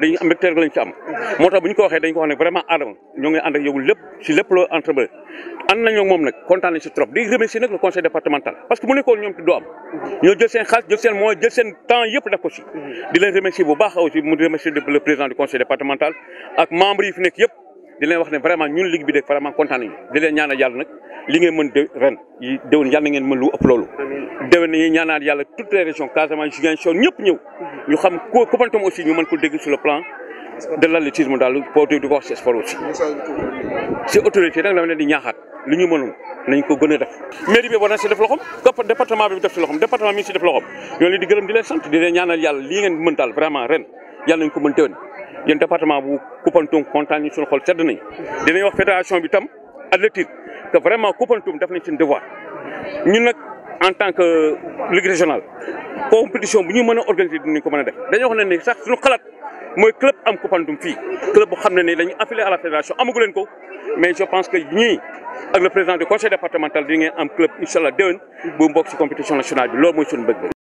dañu am mbégteel ko lañ ci moo tax bu ñu ko dañ ko wax ne vraiment Adama yow lépp si lépp loo entrepreneur ànd nañoo moom nag kontaan si trop di remercier nag le conseil départemental parce que bu nekkoon ñoom ti am ñoo jël seen xaalis jël seen moyen jël seen temps yëpp def ko si di leen remercier bu baax aussi mu remercier le président du conseil départemental ak membre yi fi nekk yëpp di leen wax ne vraiment ñun ligue de vraiment kontaan nañu di leen ñaanal yàlla nag li ngeen mën de ren déwén yàlla ngeen mën lu ëpp loolu déwén yi ñaanaan yàlla toutes les régions Casamance Ziguinchor ñëpp ñëw ñu xam ko Koumpentoum aussi ñu mën ko dégg sur le plan de l'athlétisme daal pour di ko wax si sport aussi si autorité nag dama leen di ñaaxaat li ñu mënoon nañ ko gën a def mairie bi war na si def loxom département bi def si loxom département mi si def loxom ñoo di gërëm di leen sant di leen ñaanal yàlla lii ngeen mën daal vraiment ren yàlla nañ ko mën déwén yéen département bu Koumpentoum kontaan ñu suñu xol sedd nañ dinañ wax fédération bi tam athlétisme que vraiment Koupentoum def nañ devoir Nous, en tant que ligue régionale compétition bu ñu mën organiser dinañ ko mën a def nous wax ne ni sax suñu xalat moy club am Koupentoum fi club bu xamné ni à la fédération amagu ko mais je pense que ñi avec le président du conseil départemental di ngeen am club inshallah, allah bu mbokk ci compétition nationale bi lool moy suñu bëgg